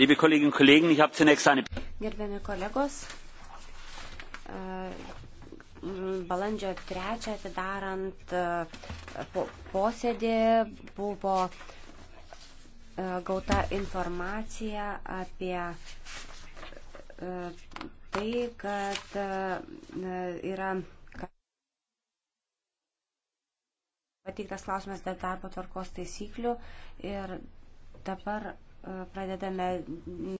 Liebe Kolleginnen und Kollegen, ich habe zunächst eine. Gerbiami kolegos, e, balandžio 3 atidarant e, posėdį buvo e, gauta informacija apie tai, kad yra pateiktas klausimas dėl darbo tvarkos taisyklių ir dabar pradedame